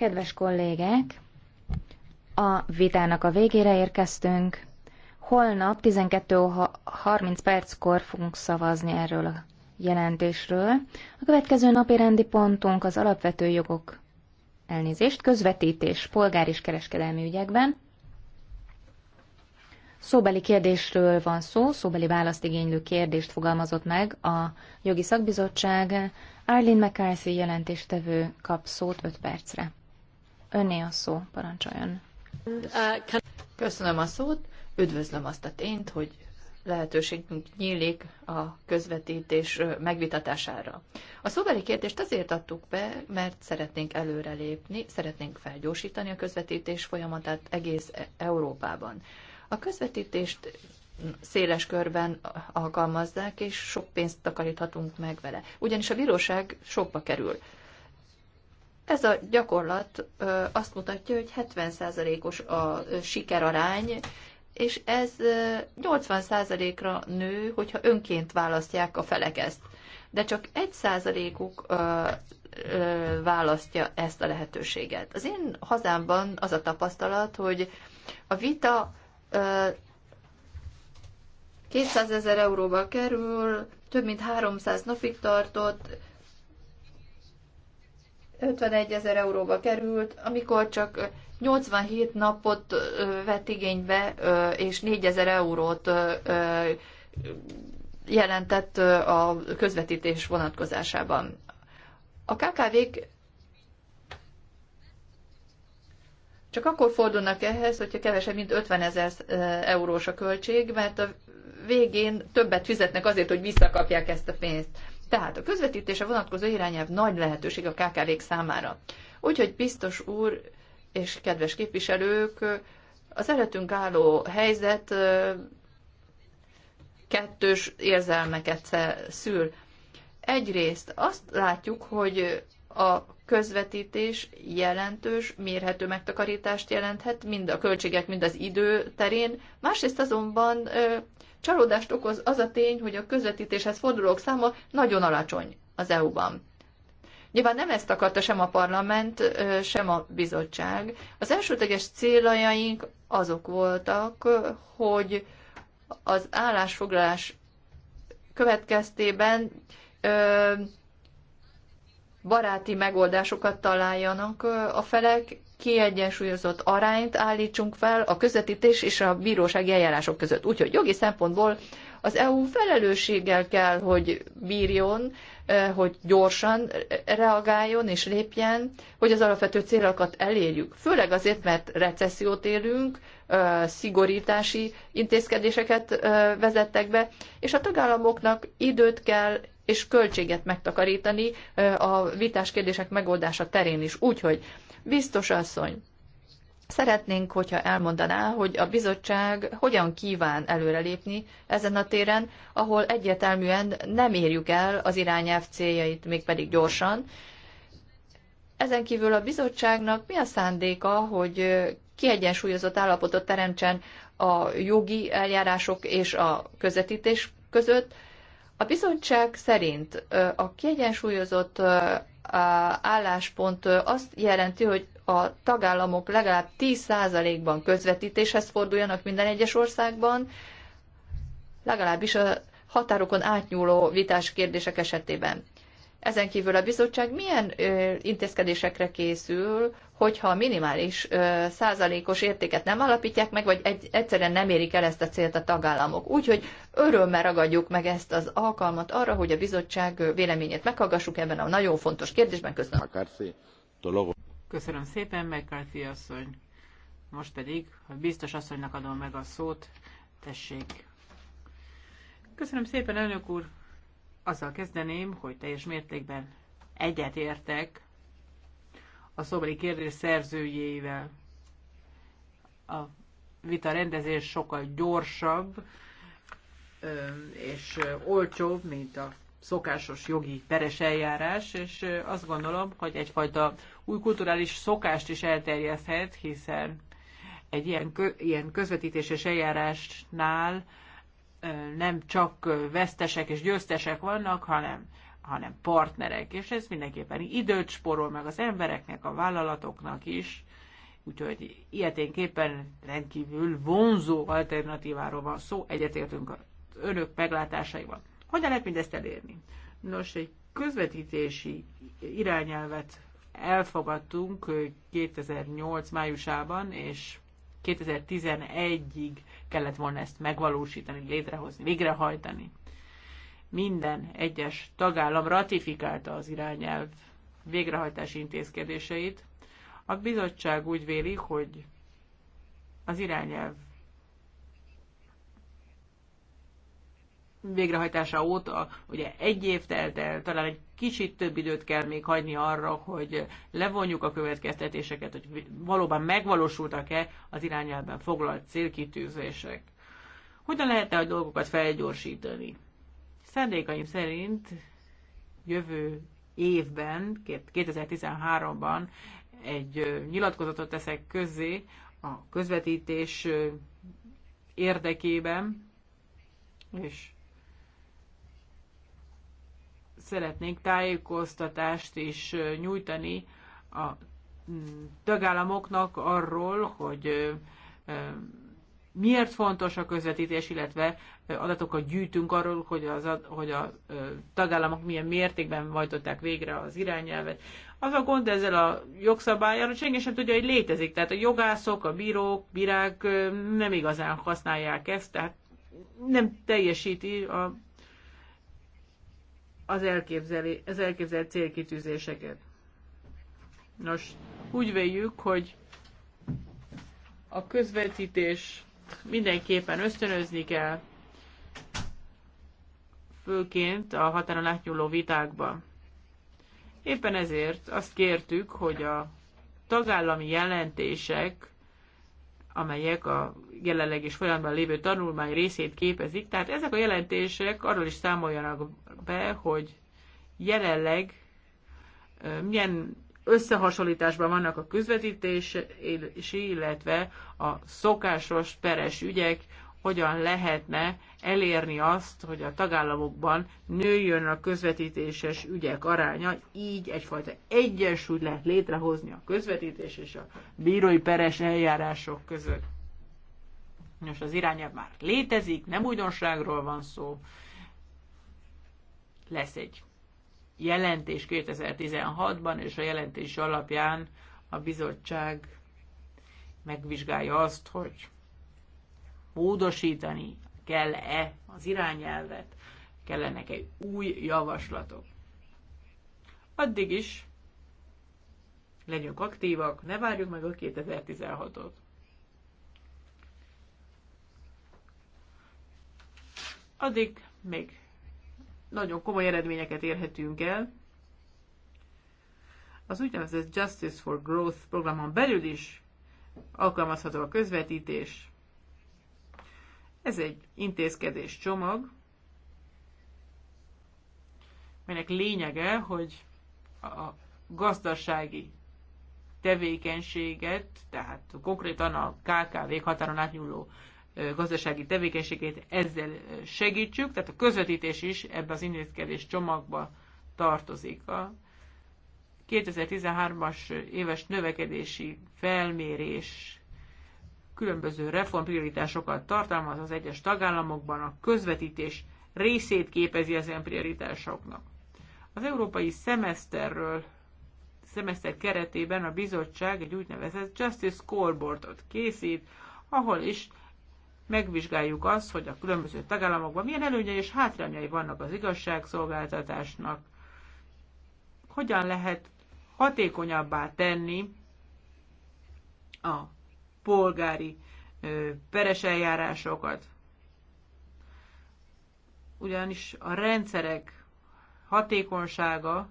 Kedves kollégek, a vitának a végére érkeztünk. Holnap 12.30 perckor fogunk szavazni erről a jelentésről. A következő napi rendi pontunk az alapvető jogok elnézést, közvetítés polgár és kereskedelmi ügyekben. Szóbeli kérdésről van szó, szóbeli választ igénylő kérdést fogalmazott meg a jogi szakbizottság. Arlene McCarthy jelentéstevő kap szót 5 percre. Önné a szó, parancsoljon. Köszönöm a szót, üdvözlöm azt a tényt, hogy lehetőségünk nyílik a közvetítés megvitatására. A szóbeli kérdést azért adtuk be, mert szeretnénk előrelépni, szeretnénk felgyorsítani a közvetítés folyamatát egész e- Európában. A közvetítést széles körben alkalmazzák, és sok pénzt takaríthatunk meg vele. Ugyanis a bíróság sokba kerül. Ez a gyakorlat azt mutatja, hogy 70%-os a sikerarány, és ez 80%-ra nő, hogyha önként választják a felek ezt. De csak 1%-uk választja ezt a lehetőséget. Az én hazámban az a tapasztalat, hogy a vita 200 ezer euróba kerül, több mint 300 napig tartott, 51 ezer euróba került, amikor csak 87 napot vett igénybe, és 4 ezer eurót jelentett a közvetítés vonatkozásában. A KKV-k csak akkor fordulnak ehhez, hogyha kevesebb, mint 50 ezer eurós a költség, mert a végén többet fizetnek azért, hogy visszakapják ezt a pénzt. Tehát a közvetítése vonatkozó irányelv nagy lehetőség a kkv számára. Úgyhogy biztos úr és kedves képviselők, az előttünk álló helyzet kettős érzelmeket szül. Egyrészt azt látjuk, hogy a közvetítés jelentős, mérhető megtakarítást jelenthet, mind a költségek, mind az idő terén. Másrészt azonban Csalódást okoz az a tény, hogy a közvetítéshez fordulók száma nagyon alacsony az EU-ban. Nyilván nem ezt akarta sem a parlament, sem a bizottság. Az elsődleges céljaink azok voltak, hogy az állásfoglalás következtében baráti megoldásokat találjanak a felek, kiegyensúlyozott arányt állítsunk fel a közvetítés és a bírósági eljárások között. Úgyhogy jogi szempontból az EU felelősséggel kell, hogy bírjon, eh, hogy gyorsan reagáljon és lépjen, hogy az alapvető célokat elérjük. Főleg azért, mert recessziót élünk, eh, szigorítási intézkedéseket eh, vezettek be, és a tagállamoknak időt kell és költséget megtakarítani a vitás kérdések megoldása terén is. Úgyhogy Biztos asszony, Szeretnénk, hogyha elmondaná, hogy a bizottság hogyan kíván előrelépni ezen a téren, ahol egyértelműen nem érjük el az irányelv céljait, mégpedig gyorsan. Ezen kívül a bizottságnak mi a szándéka, hogy kiegyensúlyozott állapotot teremtsen a jogi eljárások és a közvetítés között? A bizottság szerint a kiegyensúlyozott álláspont azt jelenti, hogy a tagállamok legalább 10%-ban közvetítéshez forduljanak minden egyes országban, legalábbis a határokon átnyúló vitás kérdések esetében. Ezen kívül a bizottság milyen ö, intézkedésekre készül, hogyha a minimális ö, százalékos értéket nem alapítják meg, vagy egy, egyszerűen nem érik el ezt a célt a tagállamok. Úgyhogy örömmel ragadjuk meg ezt az alkalmat arra, hogy a bizottság véleményét meghallgassuk ebben a nagyon fontos kérdésben. Köszönöm. Köszönöm szépen, McCarthy asszony. Most pedig a biztos asszonynak adom meg a szót. Tessék. Köszönöm szépen, elnök úr azzal kezdeném, hogy teljes mértékben egyetértek a szobori kérdés szerzőjével. A vita rendezés sokkal gyorsabb és olcsóbb, mint a szokásos jogi peres eljárás, és azt gondolom, hogy egyfajta új kulturális szokást is elterjeszthet, hiszen egy ilyen, kö, ilyen közvetítéses eljárásnál nem csak vesztesek és győztesek vannak, hanem, hanem partnerek, és ez mindenképpen időt sporol meg az embereknek, a vállalatoknak is, úgyhogy ilyeténképpen rendkívül vonzó alternatíváról van szó, egyetértünk az önök meglátásaival. Hogyan lehet mindezt elérni? Nos, egy közvetítési irányelvet elfogadtunk 2008 májusában, és 2011-ig kellett volna ezt megvalósítani, létrehozni, végrehajtani. Minden egyes tagállam ratifikálta az irányelv végrehajtási intézkedéseit. A bizottság úgy véli, hogy az irányelv végrehajtása óta ugye egy év telt el, talán egy kicsit több időt kell még hagyni arra, hogy levonjuk a következtetéseket, hogy valóban megvalósultak-e az irányelben foglalt célkitűzések. Hogyan lehet-e a dolgokat felgyorsítani? Szándékaim szerint jövő évben, 2013-ban egy nyilatkozatot teszek közzé a közvetítés érdekében, és szeretnénk tájékoztatást is nyújtani a mm, tagállamoknak arról, hogy miért fontos a közvetítés, illetve adatokat gyűjtünk arról, hogy, az, hogy a tagállamok milyen mértékben hajtották végre az irányelvet. Az a gond ezzel a jogszabályjal, hogy senki sem tudja, hogy létezik. Tehát a jogászok, a bírók, bírák nem igazán használják ezt, tehát nem teljesíti a az, elképzeli, az elképzelt célkitűzéseket. Nos, úgy véljük, hogy a közvetítés mindenképpen ösztönözni kell, főként a határon átnyúló vitákban. Éppen ezért azt kértük, hogy a tagállami jelentések amelyek a jelenleg is folyamban lévő tanulmány részét képezik. Tehát ezek a jelentések arról is számoljanak be, hogy jelenleg milyen összehasonlításban vannak a közvetítési, illetve a szokásos peres ügyek, hogyan lehetne elérni azt, hogy a tagállamokban nőjön a közvetítéses ügyek aránya, így egyfajta egyensúly lehet létrehozni a közvetítés és a bírói peres eljárások között. Nos, az irányelv már létezik, nem újdonságról van szó. Lesz egy jelentés 2016-ban, és a jelentés alapján a bizottság megvizsgálja azt, hogy módosítani kell-e az irányelvet, kellenek-e új javaslatok. Addig is legyünk aktívak, ne várjuk meg a 2016-ot. Addig még nagyon komoly eredményeket érhetünk el. Az úgynevezett Justice for Growth programon belül is alkalmazható a közvetítés, ez egy intézkedés csomag, melynek lényege, hogy a gazdasági tevékenységet, tehát konkrétan a kkv határon átnyúló gazdasági tevékenységét ezzel segítsük, tehát a közvetítés is ebbe az intézkedés csomagba tartozik. A 2013-as éves növekedési felmérés különböző reformprioritásokat tartalmaz az egyes tagállamokban, a közvetítés részét képezi ilyen prioritásoknak. Az európai szemeszterről szemeszter keretében a bizottság egy úgynevezett Justice Scoreboardot készít, ahol is megvizsgáljuk azt, hogy a különböző tagállamokban milyen előnyei és hátrányai vannak az igazságszolgáltatásnak, hogyan lehet hatékonyabbá tenni a polgári peres eljárásokat. Ugyanis a rendszerek hatékonysága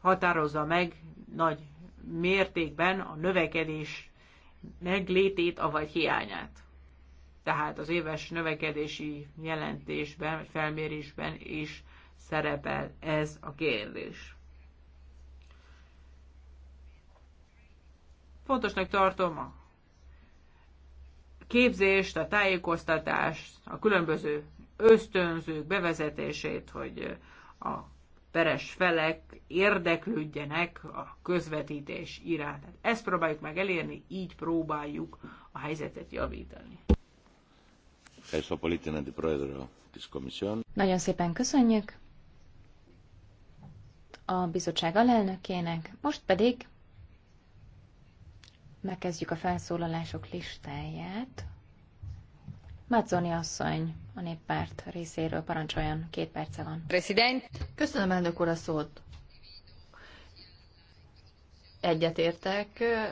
határozza meg nagy mértékben a növekedés meglétét, avagy hiányát. Tehát az éves növekedési jelentésben, felmérésben is szerepel ez a kérdés. Fontosnak tartom a képzést, a tájékoztatást, a különböző ösztönzők bevezetését, hogy a peres felek érdeklődjenek a közvetítés iránt. Hát ezt próbáljuk meg elérni, így próbáljuk a helyzetet javítani. Nagyon szépen köszönjük a bizottság alelnökének, most pedig Megkezdjük a felszólalások listáját. Mazzoni asszony a néppárt részéről parancsoljon, két perce van. President. Köszönöm elnök úr a szót. Egyetértek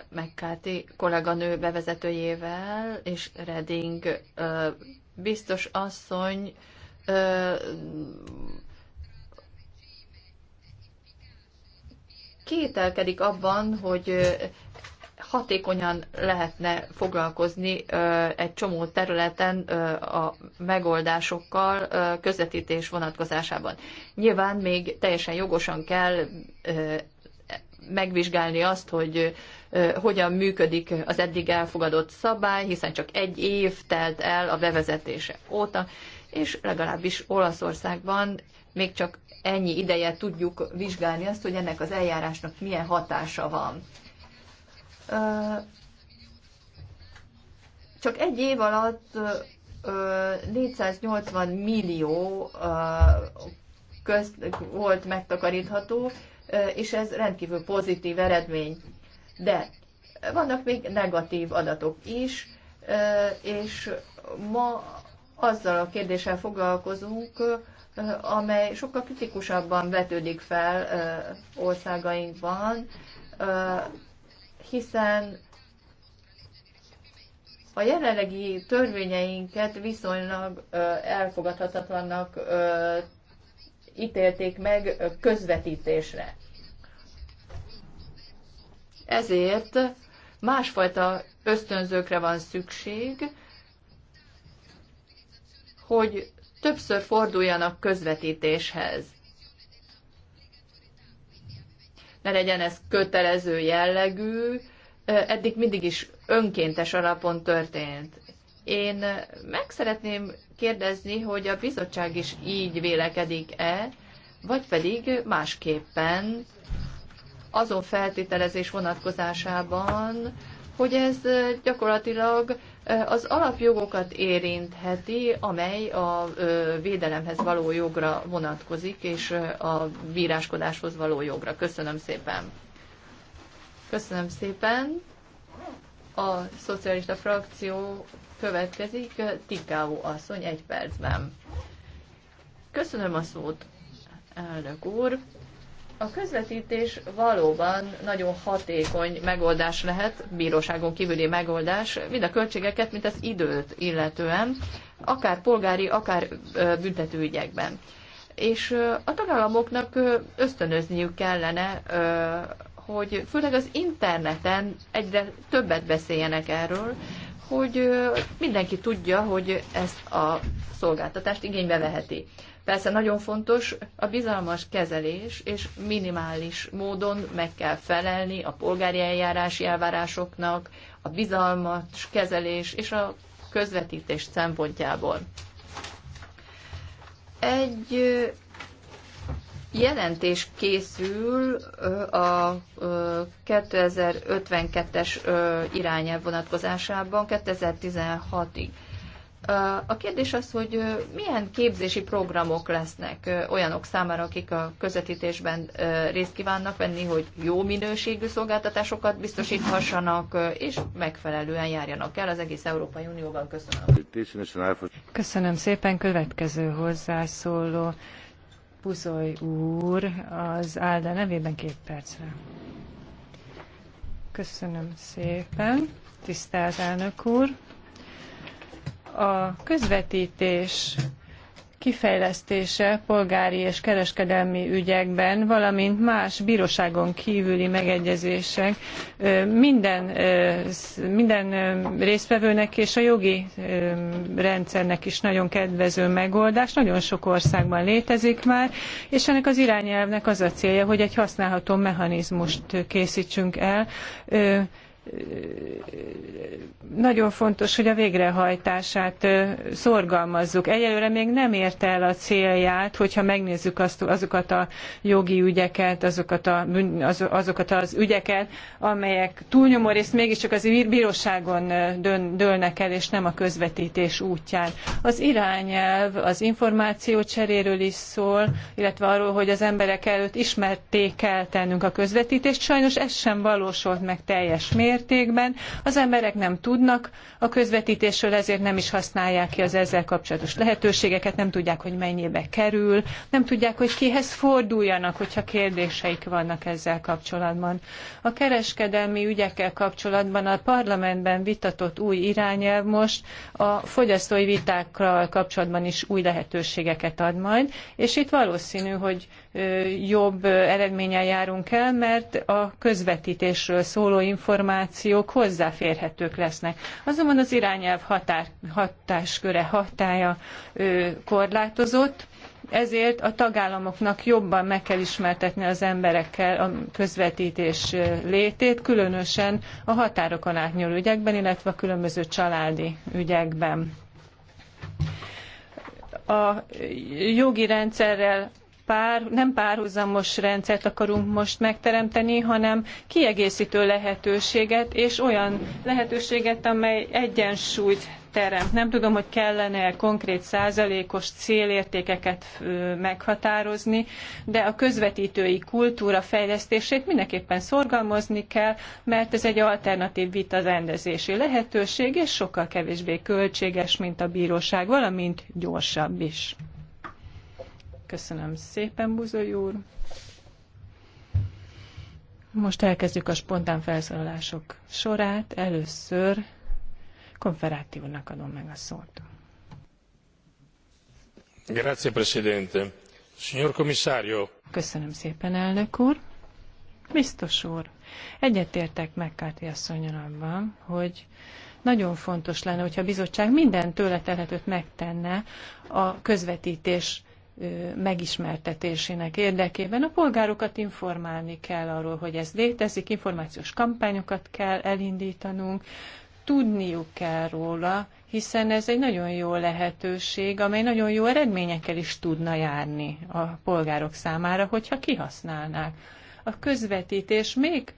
McCarthy kolléganő bevezetőjével és Reding biztos asszony kételkedik abban, hogy hatékonyan lehetne foglalkozni egy csomó területen a megoldásokkal közvetítés vonatkozásában. Nyilván még teljesen jogosan kell megvizsgálni azt, hogy hogyan működik az eddig elfogadott szabály, hiszen csak egy év telt el a bevezetése óta, és legalábbis Olaszországban még csak ennyi ideje tudjuk vizsgálni azt, hogy ennek az eljárásnak milyen hatása van csak egy év alatt 480 millió közt volt megtakarítható, és ez rendkívül pozitív eredmény. De vannak még negatív adatok is, és ma azzal a kérdéssel foglalkozunk, amely sokkal kritikusabban vetődik fel országainkban, hiszen a jelenlegi törvényeinket viszonylag elfogadhatatlannak ítélték meg közvetítésre. Ezért másfajta ösztönzőkre van szükség, hogy többször forduljanak közvetítéshez ne legyen ez kötelező jellegű, eddig mindig is önkéntes alapon történt. Én meg szeretném kérdezni, hogy a bizottság is így vélekedik-e, vagy pedig másképpen azon feltételezés vonatkozásában, hogy ez gyakorlatilag az alapjogokat érintheti, amely a védelemhez való jogra vonatkozik, és a bíráskodáshoz való jogra. Köszönöm szépen. Köszönöm szépen. A szocialista frakció következik. Tikáó asszony egy percben. Köszönöm a szót, elnök úr. A közvetítés valóban nagyon hatékony megoldás lehet, bíróságon kívüli megoldás, mind a költségeket, mint az időt illetően, akár polgári, akár büntetőügyekben. És a tagállamoknak ösztönözniük kellene, hogy főleg az interneten egyre többet beszéljenek erről, hogy mindenki tudja, hogy ezt a szolgáltatást igénybe veheti. Persze nagyon fontos a bizalmas kezelés, és minimális módon meg kell felelni a polgári eljárási elvárásoknak, a bizalmas kezelés és a közvetítés szempontjából. Egy jelentés készül a 2052-es irányelv vonatkozásában 2016-ig. A kérdés az, hogy milyen képzési programok lesznek olyanok számára, akik a közvetítésben részt kívánnak venni, hogy jó minőségű szolgáltatásokat biztosíthassanak, és megfelelően járjanak el az egész Európai Unióban. Köszönöm. Köszönöm szépen. Következő hozzászóló. Buzoly úr az Álda nevében két percre. Köszönöm szépen, tisztelt elnök úr. A közvetítés kifejlesztése polgári és kereskedelmi ügyekben, valamint más bíróságon kívüli megegyezések minden, minden résztvevőnek és a jogi rendszernek is nagyon kedvező megoldás. Nagyon sok országban létezik már, és ennek az irányelvnek az a célja, hogy egy használható mechanizmust készítsünk el nagyon fontos, hogy a végrehajtását szorgalmazzuk. Egyelőre még nem érte el a célját, hogyha megnézzük azt, azokat a jogi ügyeket, azokat, a, azokat az ügyeket, amelyek túlnyomó részt mégiscsak az bíróságon dön, dőlnek el, és nem a közvetítés útján. Az irányelv az információ cseréről is szól, illetve arról, hogy az emberek előtt ismerték kell tennünk a közvetítést. Sajnos ez sem valósult meg teljes mértékben mértékben. Az emberek nem tudnak a közvetítésről, ezért nem is használják ki az ezzel kapcsolatos lehetőségeket, nem tudják, hogy mennyibe kerül, nem tudják, hogy kihez forduljanak, hogyha kérdéseik vannak ezzel kapcsolatban. A kereskedelmi ügyekkel kapcsolatban a parlamentben vitatott új irányelv most a fogyasztói vitákkal kapcsolatban is új lehetőségeket ad majd, és itt valószínű, hogy jobb eredménnyel járunk el, mert a közvetítésről szóló információk hozzáférhetők lesznek. Azonban az irányelv határ, hatásköre hatája korlátozott, ezért a tagállamoknak jobban meg kell ismertetni az emberekkel a közvetítés létét, különösen a határokon átnyúló ügyekben, illetve a különböző családi ügyekben. A jogi rendszerrel pár, nem párhuzamos rendszert akarunk most megteremteni, hanem kiegészítő lehetőséget, és olyan lehetőséget, amely egyensúlyt teremt. Nem tudom, hogy kellene konkrét százalékos célértékeket meghatározni, de a közvetítői kultúra fejlesztését mindenképpen szorgalmazni kell, mert ez egy alternatív vita rendezési lehetőség, és sokkal kevésbé költséges, mint a bíróság, valamint gyorsabb is. Köszönöm szépen, Buzoly úr. Most elkezdjük a spontán felszólalások sorát. Először Konferáti úrnak adom meg a szót. Grazie, Presidente. Signor Commissario. Köszönöm szépen, elnök úr. Biztos úr, egyetértek McCarthy asszonyon abban, hogy nagyon fontos lenne, hogyha a bizottság minden tőle telhetőt megtenne a közvetítés megismertetésének érdekében a polgárokat informálni kell arról, hogy ez létezik, információs kampányokat kell elindítanunk, tudniuk kell róla, hiszen ez egy nagyon jó lehetőség, amely nagyon jó eredményekkel is tudna járni a polgárok számára, hogyha kihasználnák. A közvetítés még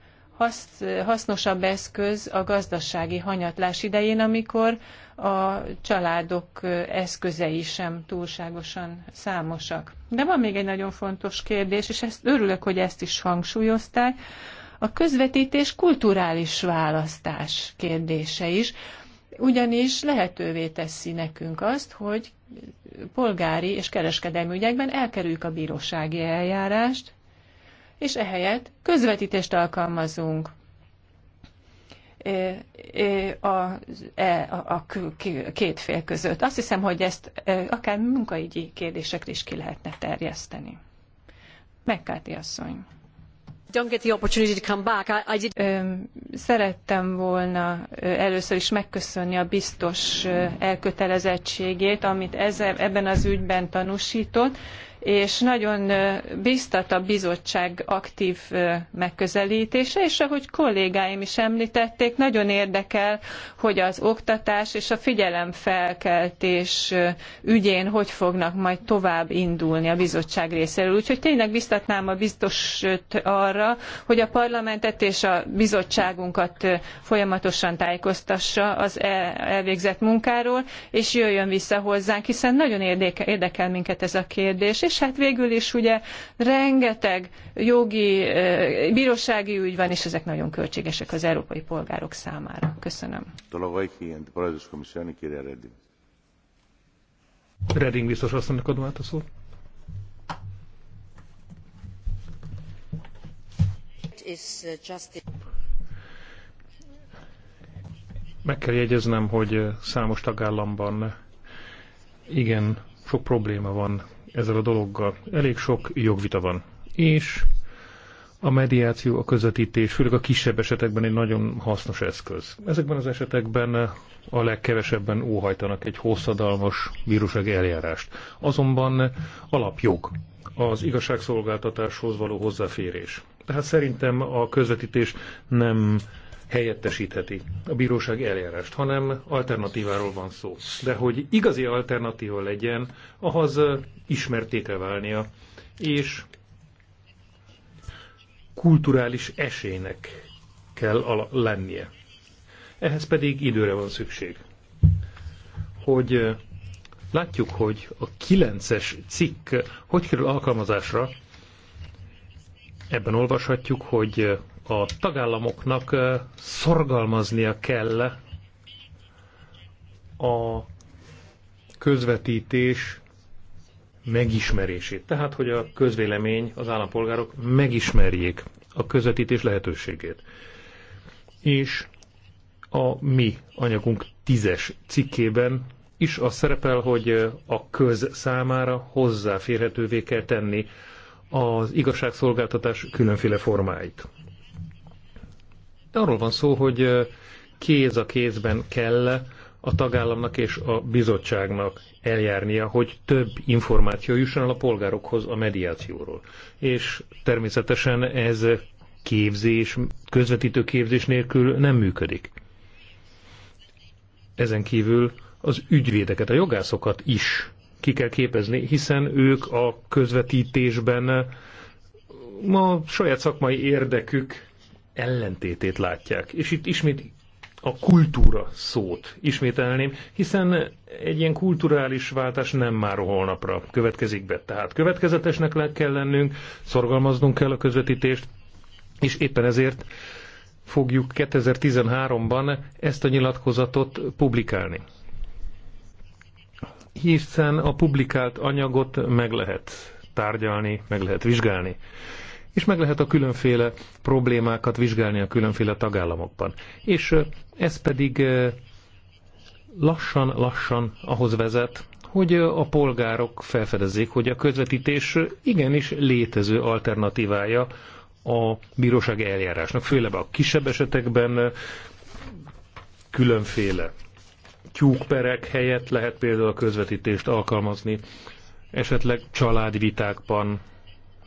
hasznosabb eszköz a gazdasági hanyatlás idején, amikor a családok eszközei sem túlságosan számosak. De van még egy nagyon fontos kérdés, és ezt örülök, hogy ezt is hangsúlyozták, a közvetítés kulturális választás kérdése is, ugyanis lehetővé teszi nekünk azt, hogy polgári és kereskedelmi ügyekben elkerüljük a bírósági eljárást, és ehelyett közvetítést alkalmazunk. E, e, e, a, a, a, két fél között. Azt hiszem, hogy ezt akár munkaügyi kérdésekre is ki lehetne terjeszteni. Megkáti asszony. Don't get the opportunity to come back. I, I did... Szerettem volna először is megköszönni a biztos elkötelezettségét, amit ez, ebben az ügyben tanúsított és nagyon biztat a bizottság aktív megközelítése, és ahogy kollégáim is említették, nagyon érdekel, hogy az oktatás és a figyelemfelkeltés ügyén hogy fognak majd tovább indulni a bizottság részéről. Úgyhogy tényleg biztatnám a biztosot arra, hogy a parlamentet és a bizottságunkat folyamatosan tájékoztassa az e, elvégzett munkáról, és jöjjön vissza hozzánk, hiszen nagyon érdekel minket ez a kérdés, és és hát végül is ugye rengeteg jogi, eh, bírósági ügy van, és ezek nagyon költségesek az európai polgárok számára. Köszönöm. Reding biztos asszonynak adom át a szót. Meg kell jegyeznem, hogy számos tagállamban igen sok probléma van ezzel a dologgal. Elég sok jogvita van. És a mediáció, a közvetítés, főleg a kisebb esetekben egy nagyon hasznos eszköz. Ezekben az esetekben a legkevesebben óhajtanak egy hosszadalmas bírósági eljárást. Azonban alapjog az igazságszolgáltatáshoz való hozzáférés. Tehát szerintem a közvetítés nem helyettesítheti a bíróság eljárást, hanem alternatíváról van szó. De hogy igazi alternatíva legyen, ahhoz ismerté kell válnia, és kulturális esélynek kell lennie. Ehhez pedig időre van szükség. Hogy látjuk, hogy a 9-es cikk hogy kerül alkalmazásra, ebben olvashatjuk, hogy a tagállamoknak szorgalmaznia kell a közvetítés megismerését. Tehát, hogy a közvélemény, az állampolgárok megismerjék a közvetítés lehetőségét. És a mi anyagunk tízes cikkében is az szerepel, hogy a köz számára hozzáférhetővé kell tenni az igazságszolgáltatás különféle formáit. Arról van szó, hogy kéz a kézben kell a tagállamnak és a bizottságnak eljárnia, hogy több információ jusson el a polgárokhoz a mediációról. És természetesen ez képzés, közvetítő képzés nélkül nem működik. Ezen kívül az ügyvédeket, a jogászokat is ki kell képezni, hiszen ők a közvetítésben a saját szakmai érdekük ellentétét látják. És itt ismét a kultúra szót ismételném, hiszen egy ilyen kulturális váltás nem már holnapra következik be. Tehát következetesnek le kell lennünk, szorgalmaznunk kell a közvetítést, és éppen ezért fogjuk 2013-ban ezt a nyilatkozatot publikálni. Hiszen a publikált anyagot meg lehet tárgyalni, meg lehet vizsgálni és meg lehet a különféle problémákat vizsgálni a különféle tagállamokban. És ez pedig lassan-lassan ahhoz vezet, hogy a polgárok felfedezzék, hogy a közvetítés igenis létező alternatívája a bíróság eljárásnak, főleg a kisebb esetekben különféle tyúkperek helyett lehet például a közvetítést alkalmazni, esetleg családvitákban,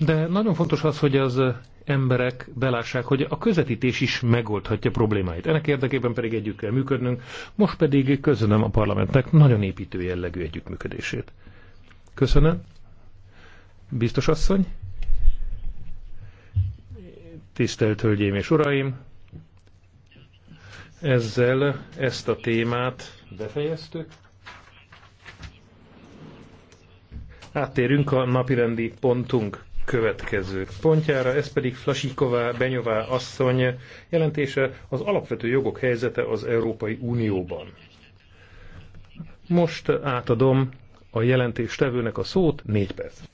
de nagyon fontos az, hogy az emberek belássák, hogy a közvetítés is megoldhatja problémáit. Ennek érdekében pedig együtt kell működnünk, most pedig köszönöm a parlamentnek nagyon építő jellegű együttműködését. Köszönöm. Biztos asszony. Tisztelt Hölgyeim és Uraim! Ezzel ezt a témát befejeztük. Áttérünk a napirendi pontunk következő pontjára, ez pedig Flasiková Benyová asszony jelentése az alapvető jogok helyzete az Európai Unióban. Most átadom a jelentéstevőnek a szót, négy perc.